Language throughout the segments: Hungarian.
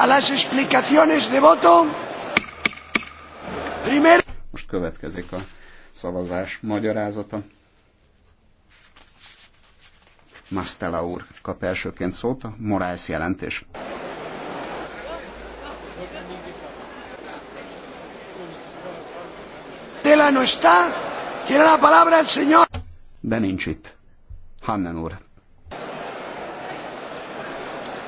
a las explicaciones de voto. Primero... Most következik a szavazás magyarázata. Mastella úr kap elsőként szót a Morales jelentés. Tela no está. Tiene la palabra el señor. De nincs itt. Hannen úr.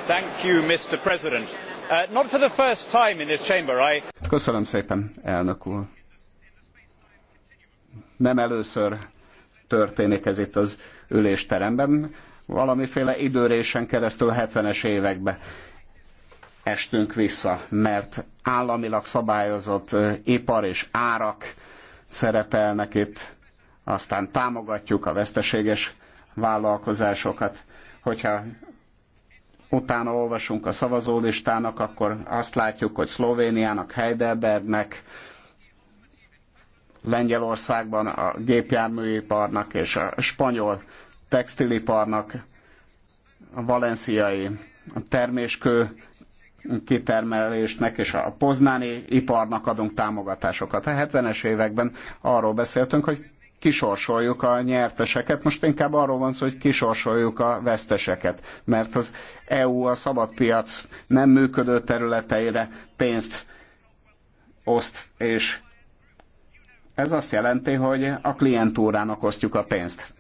Thank you, Mr. President Uh, not for the first time in this chamber, I... Köszönöm szépen, elnök úr. Nem először történik ez itt az ülésteremben, valamiféle időrésen keresztül 70-es évekbe estünk vissza, mert államilag szabályozott uh, ipar és árak szerepelnek itt, aztán támogatjuk a veszteséges vállalkozásokat. Hogyha utána olvasunk a szavazólistának, akkor azt látjuk, hogy Szlovéniának, Heidelbergnek, Lengyelországban a gépjárműiparnak és a spanyol textiliparnak, a valenciai terméskő kitermelésnek és a poznáni iparnak adunk támogatásokat. A 70-es években arról beszéltünk, hogy kisorsoljuk a nyerteseket, most inkább arról van szó, hogy kisorsoljuk a veszteseket, mert az EU a szabadpiac nem működő területeire pénzt oszt, és ez azt jelenti, hogy a klientúrának osztjuk a pénzt.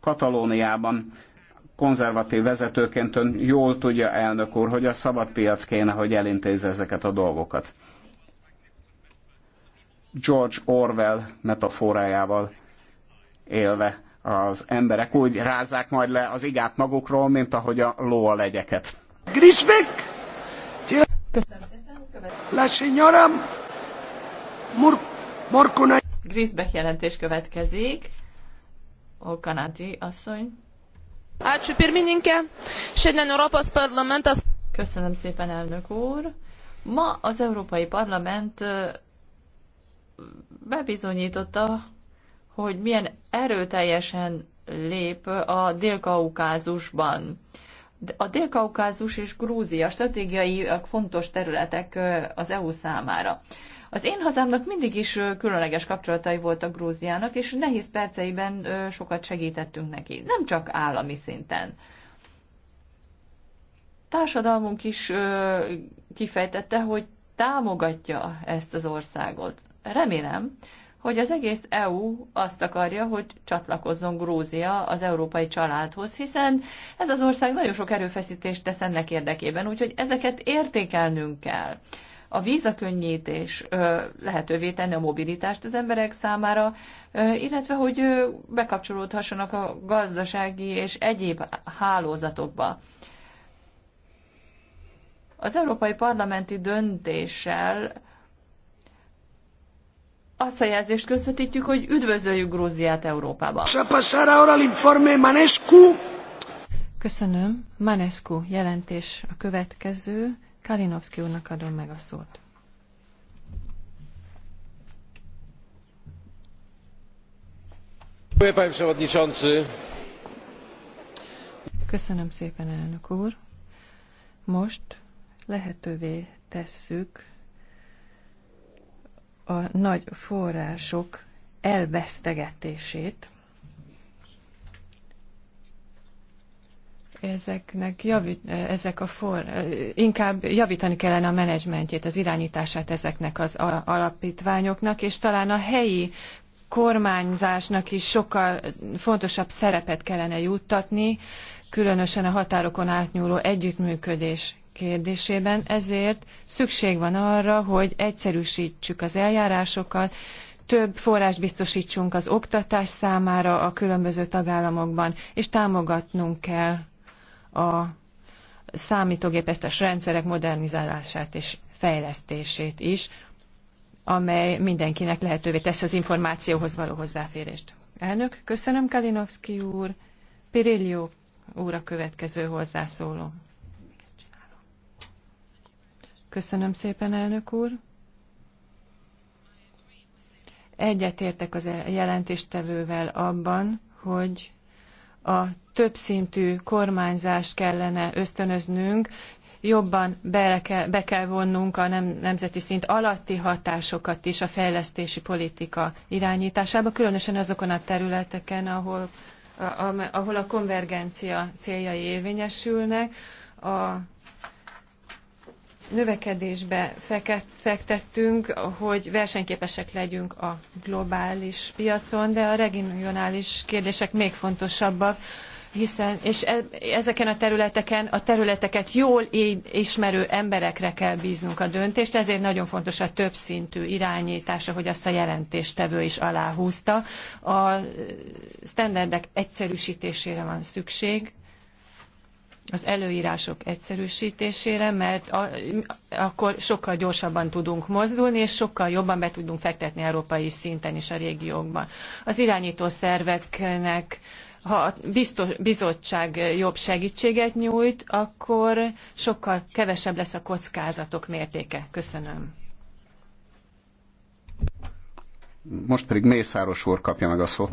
Katalóniában konzervatív vezetőként ön jól tudja, elnök úr, hogy a szabad piac kéne, hogy elintézze ezeket a dolgokat. George Orwell metaforájával élve az emberek úgy rázák majd le az igát magukról, mint ahogy a ló a legyeket. Grisbeck! Köszönöm La señora Mur Morkona. Grisbeck jelentés következik. O kanadi asszony. Ácsú pirmininke, Sedlen Európasz Parlament. Köszönöm szépen, elnök úr. Ma az Európai Parlament bebizonyította, hogy milyen erőteljesen lép a Dél-Kaukázusban. A Dél-Kaukázus és Grúzia stratégiai fontos területek az EU számára. Az én hazámnak mindig is különleges kapcsolatai voltak Grúziának, és nehéz perceiben sokat segítettünk neki, nem csak állami szinten. Társadalmunk is kifejtette, hogy támogatja ezt az országot. Remélem, hogy az egész EU azt akarja, hogy csatlakozzon Grúzia az európai családhoz, hiszen ez az ország nagyon sok erőfeszítést tesz ennek érdekében, úgyhogy ezeket értékelnünk kell. A vízakönnyítés lehetővé tenni a mobilitást az emberek számára, illetve hogy bekapcsolódhassanak a gazdasági és egyéb hálózatokba. Az európai parlamenti döntéssel azt a jelzést közvetítjük, hogy üdvözöljük Grúziát Európában. Köszönöm. Manescu jelentés a következő. Kalinowski úrnak adom meg a szót. Köszönöm szépen, elnök úr. Most lehetővé tesszük a nagy források elvesztegetését. Ezeknek javít, ezek a for, inkább javítani kellene a menedzsmentjét, az irányítását ezeknek az alapítványoknak, és talán a helyi kormányzásnak is sokkal fontosabb szerepet kellene juttatni, különösen a határokon átnyúló együttműködés kérdésében, ezért szükség van arra, hogy egyszerűsítsük az eljárásokat, több forrás biztosítsunk az oktatás számára a különböző tagállamokban, és támogatnunk kell a számítógépes rendszerek modernizálását és fejlesztését is, amely mindenkinek lehetővé teszi az információhoz való hozzáférést. Elnök, köszönöm Kalinowski úr, Pirillo úr a következő hozzászóló. Köszönöm szépen, elnök úr. Egyetértek az jelentéstevővel abban, hogy a többszintű kormányzást kellene ösztönöznünk, jobban be kell, be kell vonnunk a nem, nemzeti szint alatti hatásokat is a fejlesztési politika irányításába, különösen azokon a területeken, ahol, a, a, ahol a konvergencia céljai érvényesülnek, a növekedésbe fektettünk, hogy versenyképesek legyünk a globális piacon, de a regionális kérdések még fontosabbak, hiszen és e, ezeken a területeken a területeket jól ismerő emberekre kell bíznunk a döntést, ezért nagyon fontos a többszintű irányítása, hogy azt a jelentéstevő is aláhúzta. A standardek egyszerűsítésére van szükség, az előírások egyszerűsítésére, mert a, akkor sokkal gyorsabban tudunk mozdulni, és sokkal jobban be tudunk fektetni európai szinten is a régiókban. Az irányító szerveknek ha a biztos, bizottság jobb segítséget nyújt, akkor sokkal kevesebb lesz a kockázatok mértéke. Köszönöm. Most pedig Mészáros úr kapja meg a szót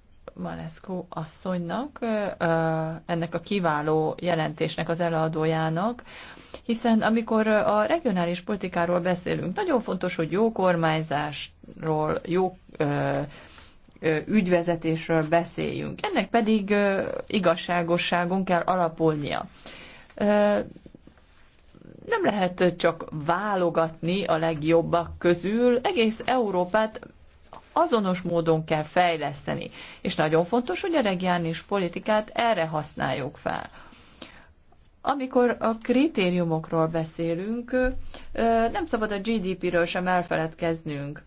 Maleszkó asszonynak, ennek a kiváló jelentésnek az eladójának, hiszen amikor a regionális politikáról beszélünk, nagyon fontos, hogy jó kormányzásról, jó ügyvezetésről beszéljünk. Ennek pedig igazságosságon kell alapulnia. Nem lehet csak válogatni a legjobbak közül, egész Európát azonos módon kell fejleszteni. És nagyon fontos, hogy a regionális politikát erre használjuk fel. Amikor a kritériumokról beszélünk, nem szabad a GDP-ről sem elfeledkeznünk.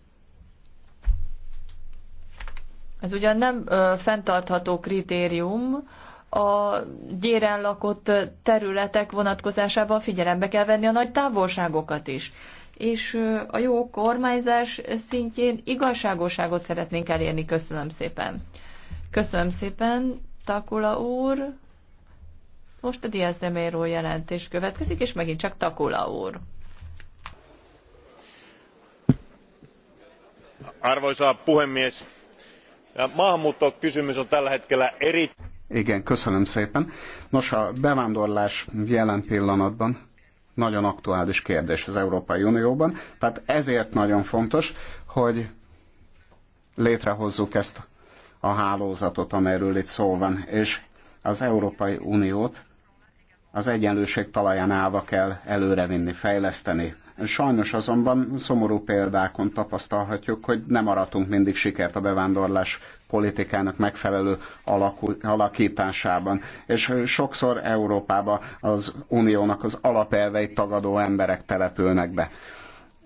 Ez ugyan nem fenntartható kritérium, a gyéren lakott területek vonatkozásában figyelembe kell venni a nagy távolságokat is és a jó kormányzás szintjén igazságosságot szeretnénk elérni. Köszönöm szépen. Köszönöm szépen, Takula úr. Most a Diaz de Mero jelentés következik, és megint csak Takula úr. Arvoisa puhemies, kysymys on tällä hetkellä eri... Igen, köszönöm szépen. Nos, a bevándorlás jelen pillanatban nagyon aktuális kérdés az Európai Unióban. Tehát ezért nagyon fontos, hogy létrehozzuk ezt a hálózatot, amelyről itt szó van, és az Európai Uniót az egyenlőség talaján állva kell előrevinni, fejleszteni. Sajnos azonban szomorú példákon tapasztalhatjuk, hogy nem aratunk mindig sikert a bevándorlás politikának megfelelő alakul, alakításában. És sokszor Európába az uniónak az alapelveit tagadó emberek települnek be.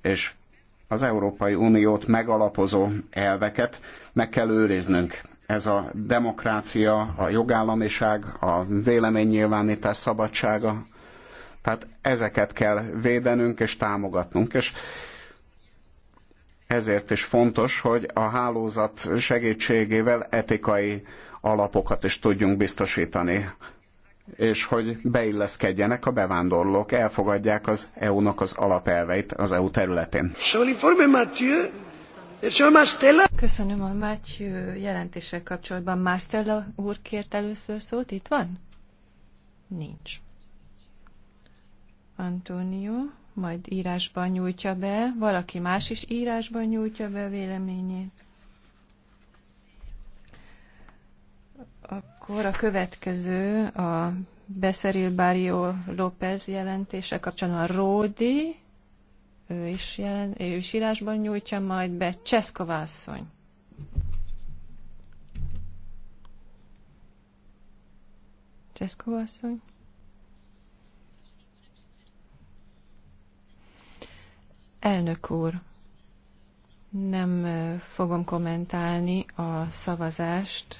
És az Európai Uniót megalapozó elveket meg kell őriznünk. Ez a demokrácia, a jogállamiság, a véleménynyilvánítás szabadsága, tehát ezeket kell védenünk és támogatnunk, és ezért is fontos, hogy a hálózat segítségével etikai alapokat is tudjunk biztosítani és hogy beilleszkedjenek a bevándorlók, elfogadják az EU-nak az alapelveit az EU területén. Köszönöm a Mátyő jelentéssel kapcsolatban. Mástella úr kért először szót, itt van? Nincs. Antonio majd írásban nyújtja be, valaki más is írásban nyújtja be a véleményét. Akkor a következő a Beszeril Barrio López jelentése kapcsolatban Ródi, ő is, jelen, ő is írásban nyújtja majd be, Cseszka Vászony. Cseszkova asszony. Elnök úr, nem fogom kommentálni a szavazást.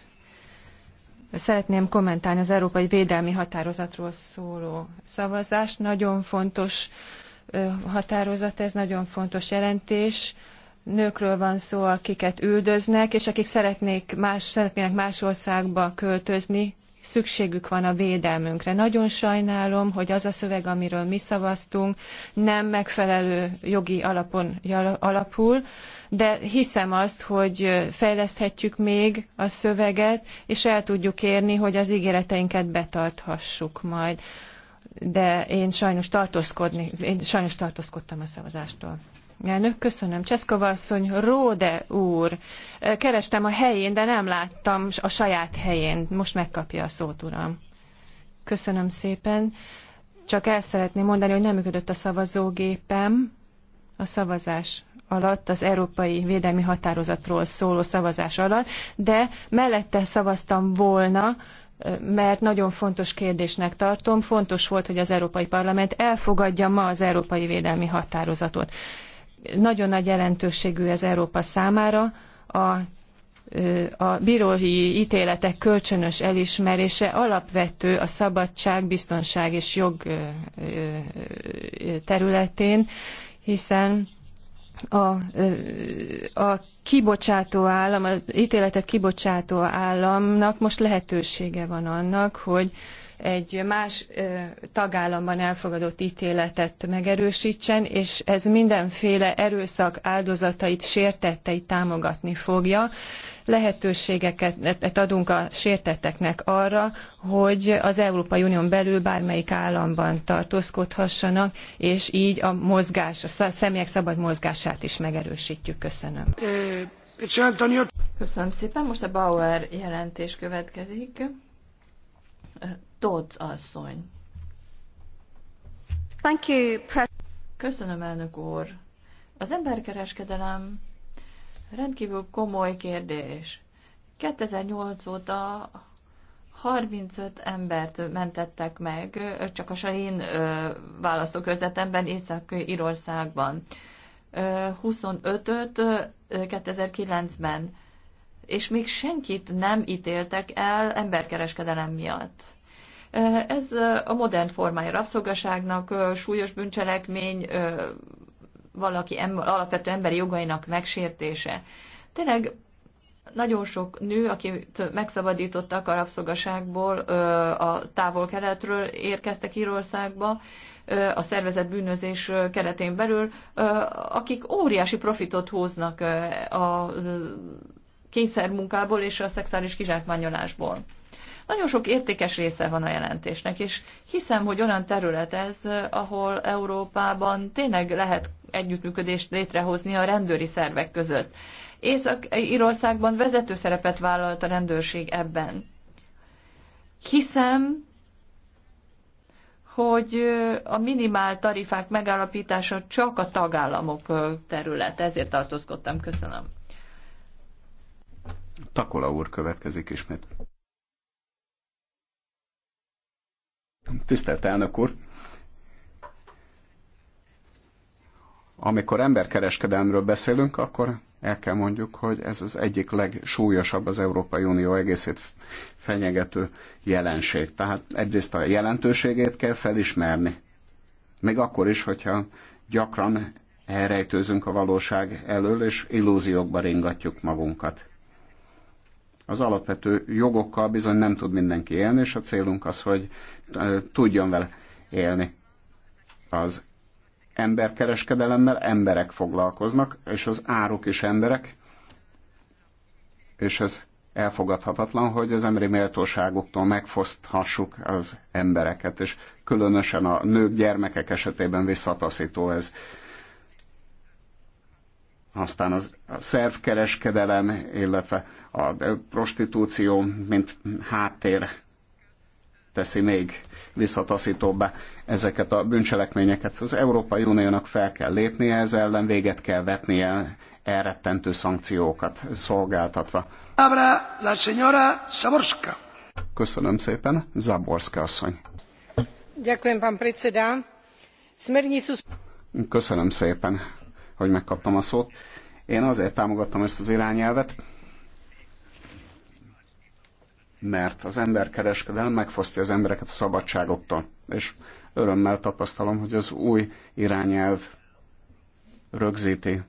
Szeretném kommentálni az Európai Védelmi Határozatról szóló szavazást. Nagyon fontos határozat, ez nagyon fontos jelentés. Nőkről van szó, akiket üldöznek, és akik szeretnék más, szeretnének más országba költözni, szükségük van a védelmünkre. Nagyon sajnálom, hogy az a szöveg, amiről mi szavaztunk, nem megfelelő jogi alapon alapul, de hiszem azt, hogy fejleszthetjük még a szöveget, és el tudjuk érni, hogy az ígéreteinket betarthassuk majd. De én sajnos tartózkodni, én sajnos tartózkodtam a szavazástól. Elnök, köszönöm. Cseszkova asszony, Róde úr, kerestem a helyén, de nem láttam a saját helyén. Most megkapja a szót, uram. Köszönöm szépen. Csak el szeretném mondani, hogy nem működött a szavazógépem a szavazás alatt, az Európai Védelmi Határozatról szóló szavazás alatt, de mellette szavaztam volna, mert nagyon fontos kérdésnek tartom. Fontos volt, hogy az Európai Parlament elfogadja ma az Európai Védelmi Határozatot nagyon nagy jelentőségű ez Európa számára, a a bírói ítéletek kölcsönös elismerése alapvető a szabadság, biztonság és jog területén, hiszen a, a kibocsátó állam, az ítéletet kibocsátó államnak most lehetősége van annak, hogy egy más tagállamban elfogadott ítéletet megerősítsen, és ez mindenféle erőszak áldozatait, sértetteit támogatni fogja. Lehetőségeket adunk a sértetteknek arra, hogy az Európai Unión belül bármelyik államban tartózkodhassanak, és így a mozgás, a személyek szabad mozgását is megerősítjük. Köszönöm. Köszönöm szépen. Most a Bauer jelentés következik. Dodds asszony. Thank you, Köszönöm, elnök úr. Az emberkereskedelem rendkívül komoly kérdés. 2008 óta 35 embert mentettek meg, csak a Salin választókörzetemben, Észak-Írországban. 25-öt 2009-ben és még senkit nem ítéltek el emberkereskedelem miatt. Ez a modern formája rabszolgaságnak, súlyos bűncselekmény, valaki alapvető emberi jogainak megsértése. Tényleg nagyon sok nő, akit megszabadítottak a rabszolgaságból, a távol-keletről érkeztek Írországba, a szervezet bűnözés keretén belül, akik óriási profitot hoznak a kényszermunkából és a szexuális kizsákmányolásból. Nagyon sok értékes része van a jelentésnek, és hiszem, hogy olyan terület ez, ahol Európában tényleg lehet együttműködést létrehozni a rendőri szervek között. Észak-Írországban vezető szerepet vállalt a rendőrség ebben. Hiszem, hogy a minimál tarifák megállapítása csak a tagállamok terület. Ezért tartózkodtam. Köszönöm. Takola úr következik ismét. Tisztelt elnök úr! Amikor emberkereskedelmről beszélünk, akkor el kell mondjuk, hogy ez az egyik legsúlyosabb az Európai Unió egészét fenyegető jelenség. Tehát egyrészt a jelentőségét kell felismerni. Még akkor is, hogyha gyakran elrejtőzünk a valóság elől, és illúziókba ringatjuk magunkat az alapvető jogokkal bizony nem tud mindenki élni, és a célunk az, hogy tudjon vele élni. Az emberkereskedelemmel emberek foglalkoznak, és az áruk is emberek, és ez elfogadhatatlan, hogy az emberi méltóságoktól megfoszthassuk az embereket, és különösen a nők, gyermekek esetében visszataszító ez. Aztán az, a szervkereskedelem, illetve a prostitúció, mint háttér teszi még visszataszítóbbá ezeket a bűncselekményeket. Az Európai Uniónak fel kell lépnie ez ellen, véget kell vetnie elrettentő szankciókat szolgáltatva. Abra la señora Zaborska. Köszönöm szépen, Zaborska asszony. Ďakujem, pán predseda. Smernicu... Köszönöm szépen, hogy megkaptam a szót. Én azért támogattam ezt az irányelvet, mert az emberkereskedelem megfosztja az embereket a szabadságoktól. És örömmel tapasztalom, hogy az új irányelv rögzíti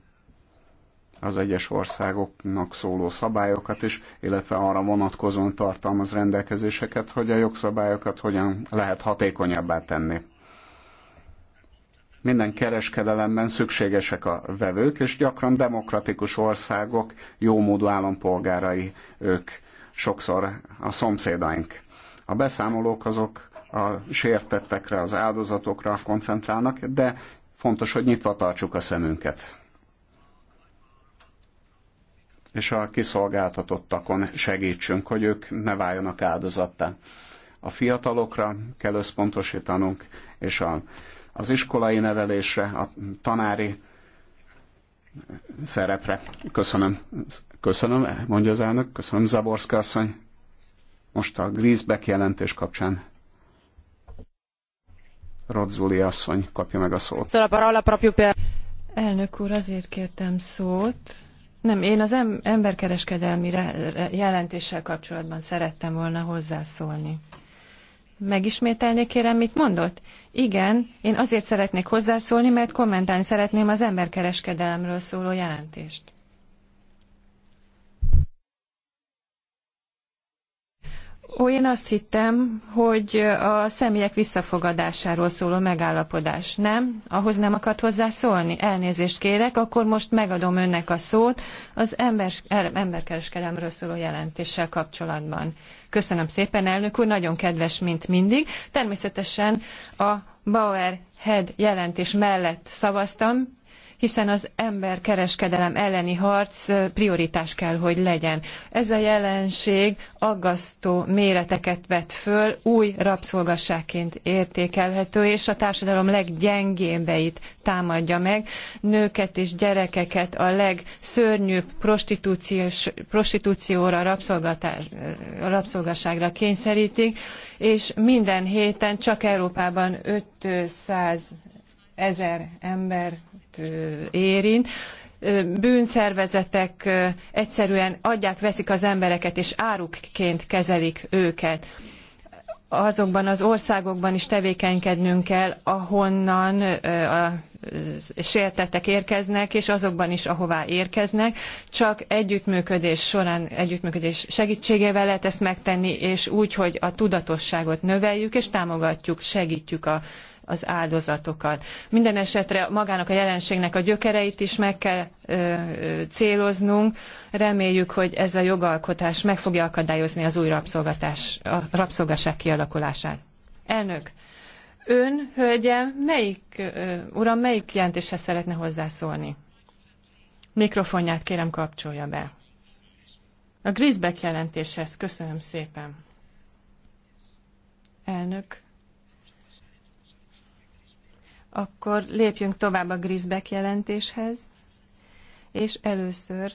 az egyes országoknak szóló szabályokat is, illetve arra vonatkozóan tartalmaz rendelkezéseket, hogy a jogszabályokat hogyan lehet hatékonyabbá tenni. Minden kereskedelemben szükségesek a vevők, és gyakran demokratikus országok jómódú állampolgárai ők sokszor a szomszédaink. A beszámolók azok a sértettekre, az áldozatokra koncentrálnak, de fontos, hogy nyitva tartsuk a szemünket. És a kiszolgáltatottakon segítsünk, hogy ők ne váljanak áldozattá. A fiatalokra kell összpontosítanunk, és a, az iskolai nevelésre, a tanári szerepre. Köszönöm Köszönöm, mondja az elnök, köszönöm Zaborszka asszony. Most a Griesbeck jelentés kapcsán Rodzuli asszony kapja meg a szót. Szóval elnök úr, azért kértem szót. Nem, én az emberkereskedelmi jelentéssel kapcsolatban szerettem volna hozzászólni. Megismételni kérem, mit mondott? Igen, én azért szeretnék hozzászólni, mert kommentálni szeretném az emberkereskedelemről szóló jelentést. Ó, én azt hittem, hogy a személyek visszafogadásáról szóló megállapodás. Nem? Ahhoz nem akart hozzászólni? Elnézést kérek, akkor most megadom önnek a szót az ember, er- emberkereskedelemről szóló jelentéssel kapcsolatban. Köszönöm szépen, elnök úr, nagyon kedves, mint mindig. Természetesen a Bauer Head jelentés mellett szavaztam, hiszen az emberkereskedelem elleni harc prioritás kell, hogy legyen. Ez a jelenség aggasztó méreteket vet föl, új rabszolgasságként értékelhető, és a társadalom leggyengébbeit támadja meg, nőket és gyerekeket a legszörnyűbb prostitúcióra, rabszolgatás, rabszolgasságra kényszerítik, és minden héten csak Európában 500 ezer ember érint. Bűnszervezetek egyszerűen adják, veszik az embereket, és árukként kezelik őket azokban az országokban is tevékenykednünk kell, ahonnan a sértettek érkeznek, és azokban is, ahová érkeznek. Csak együttműködés során, együttműködés segítségével lehet ezt megtenni, és úgy, hogy a tudatosságot növeljük, és támogatjuk, segítjük a az áldozatokat. Minden esetre magának a jelenségnek a gyökereit is meg kell ö, céloznunk. Reméljük, hogy ez a jogalkotás meg fogja akadályozni az új rabszolgatás, a rabszolgaság kialakulását. Elnök, ön, hölgyem, melyik, ö, uram, melyik jelentéshez szeretne hozzászólni? Mikrofonját kérem kapcsolja be. A Grisbeck jelentéshez köszönöm szépen. Elnök, akkor lépjünk tovább a Grisbeck jelentéshez, és először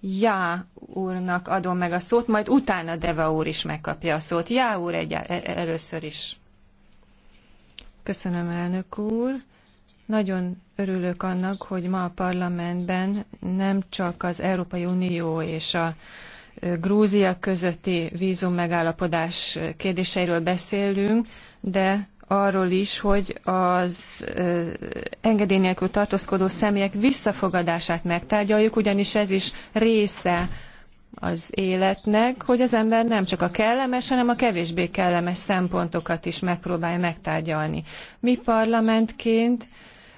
Já úrnak adom meg a szót, majd utána Deva úr is megkapja a szót. Já úr egy, e, először is. Köszönöm, elnök úr. Nagyon örülök annak, hogy ma a parlamentben nem csak az Európai Unió és a Grúzia közötti vízum megállapodás kérdéseiről beszélünk, de arról is, hogy az engedély nélkül tartózkodó személyek visszafogadását megtárgyaljuk, ugyanis ez is része az életnek, hogy az ember nem csak a kellemes, hanem a kevésbé kellemes szempontokat is megpróbálja megtárgyalni. Mi parlamentként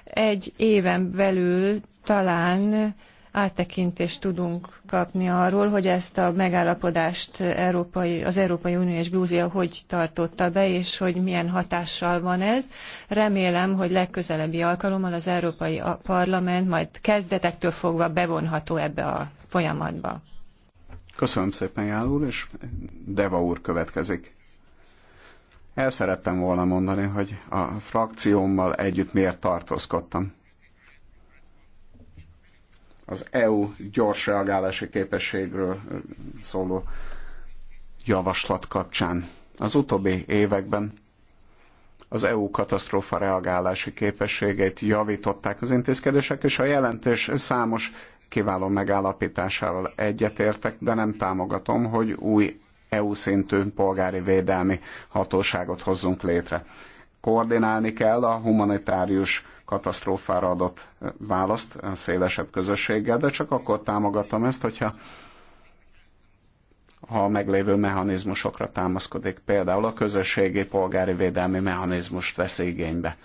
egy éven belül talán áttekintést tudunk kapni arról, hogy ezt a megállapodást Európai, az Európai Unió és Grúzia hogy tartotta be, és hogy milyen hatással van ez. Remélem, hogy legközelebbi alkalommal az Európai Parlament majd kezdetektől fogva bevonható ebbe a folyamatba. Köszönöm szépen, Jál úr, és Deva úr következik. El szerettem volna mondani, hogy a frakciómmal együtt miért tartózkodtam az EU gyors reagálási képességről szóló javaslat kapcsán. Az utóbbi években az EU katasztrófa reagálási képességét javították az intézkedések, és a jelentés számos kiváló megállapításával egyetértek, de nem támogatom, hogy új EU szintű polgári védelmi hatóságot hozzunk létre. Koordinálni kell a humanitárius katasztrófára adott választ szélesebb közösséggel, de csak akkor támogatom ezt, hogyha ha a meglévő mechanizmusokra támaszkodik, például a közösségi polgári védelmi mechanizmust vesz igénybe.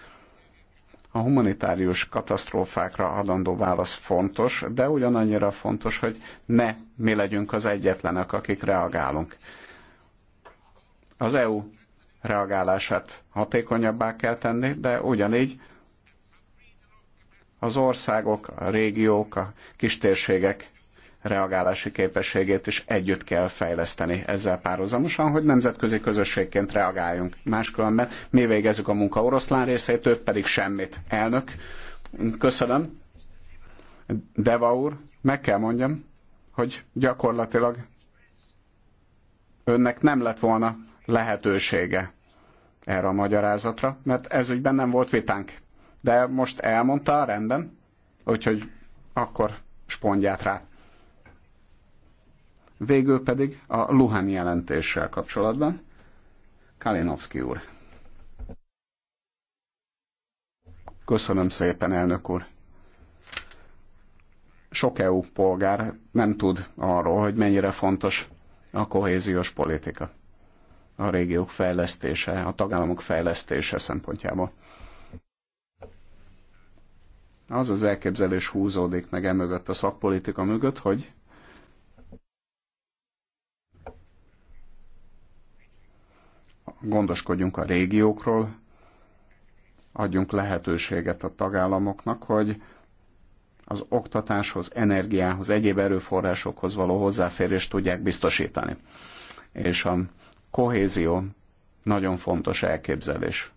A humanitárius katasztrófákra adandó válasz fontos, de ugyanannyira fontos, hogy ne mi legyünk az egyetlenek, akik reagálunk. Az EU reagálását hatékonyabbá kell tenni, de ugyanígy az országok, a régiók, a kistérségek reagálási képességét is együtt kell fejleszteni ezzel párhuzamosan, hogy nemzetközi közösségként reagáljunk. Máskülönben mi végezzük a munka oroszlán részét, ők pedig semmit. Elnök, köszönöm. Deva úr, meg kell mondjam, hogy gyakorlatilag önnek nem lett volna lehetősége erre a magyarázatra, mert ez ügyben nem volt vitánk de most elmondta, rendben, úgyhogy akkor spondját rá. Végül pedig a Luhán jelentéssel kapcsolatban Kalinowski úr. Köszönöm szépen, elnök úr. Sok EU polgár nem tud arról, hogy mennyire fontos a kohéziós politika, a régiók fejlesztése, a tagállamok fejlesztése szempontjából az az elképzelés húzódik meg emögött, a szakpolitika mögött, hogy gondoskodjunk a régiókról, adjunk lehetőséget a tagállamoknak, hogy az oktatáshoz, energiához, egyéb erőforrásokhoz való hozzáférést tudják biztosítani. És a kohézió nagyon fontos elképzelés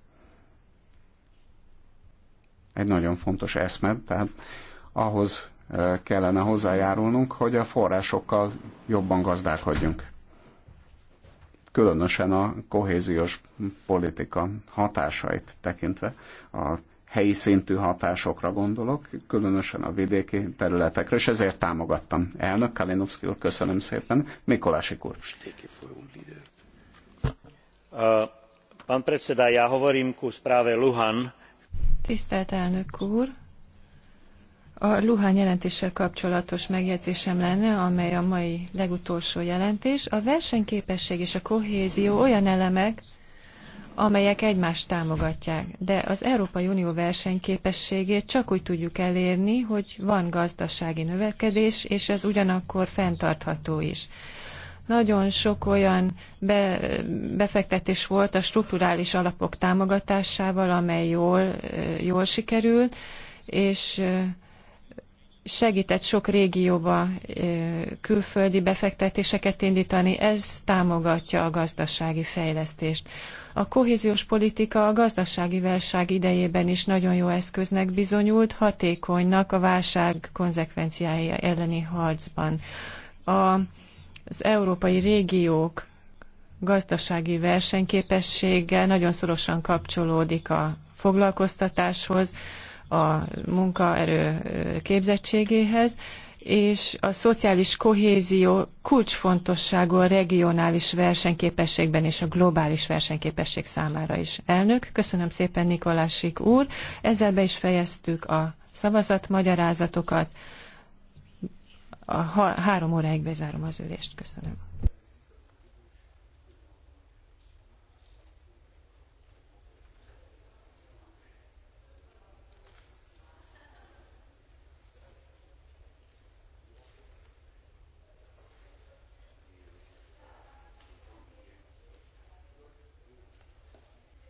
egy nagyon fontos eszme, tehát ahhoz eh, kellene hozzájárulnunk, hogy a forrásokkal jobban gazdálkodjunk. Különösen a kohéziós politika hatásait tekintve, a helyi szintű hatásokra gondolok, különösen a vidéki területekre, és ezért támogattam. Elnök Kalinowski úr, köszönöm szépen. Mikolási úr. Pán predseda, ja hovorím ku správe Luhan, Tisztelt elnök úr! A Luhán jelentéssel kapcsolatos megjegyzésem lenne, amely a mai legutolsó jelentés. A versenyképesség és a kohézió olyan elemek, amelyek egymást támogatják, de az Európai Unió versenyképességét csak úgy tudjuk elérni, hogy van gazdasági növekedés, és ez ugyanakkor fenntartható is. Nagyon sok olyan be, befektetés volt a strukturális alapok támogatásával, amely jól, jól sikerült, és segített sok régióba külföldi befektetéseket indítani, ez támogatja a gazdasági fejlesztést. A kohéziós politika a gazdasági válság idejében is nagyon jó eszköznek bizonyult, hatékonynak a válság konzekvenciája elleni harcban. A az európai régiók gazdasági versenyképessége nagyon szorosan kapcsolódik a foglalkoztatáshoz, a munkaerő képzettségéhez, és a szociális kohézió kulcsfontosságú a regionális versenyképességben és a globális versenyképesség számára is. Elnök, köszönöm szépen Nikolásik úr, ezzel be is fejeztük a szavazatmagyarázatokat a három óráig bezárom az ülést. Köszönöm.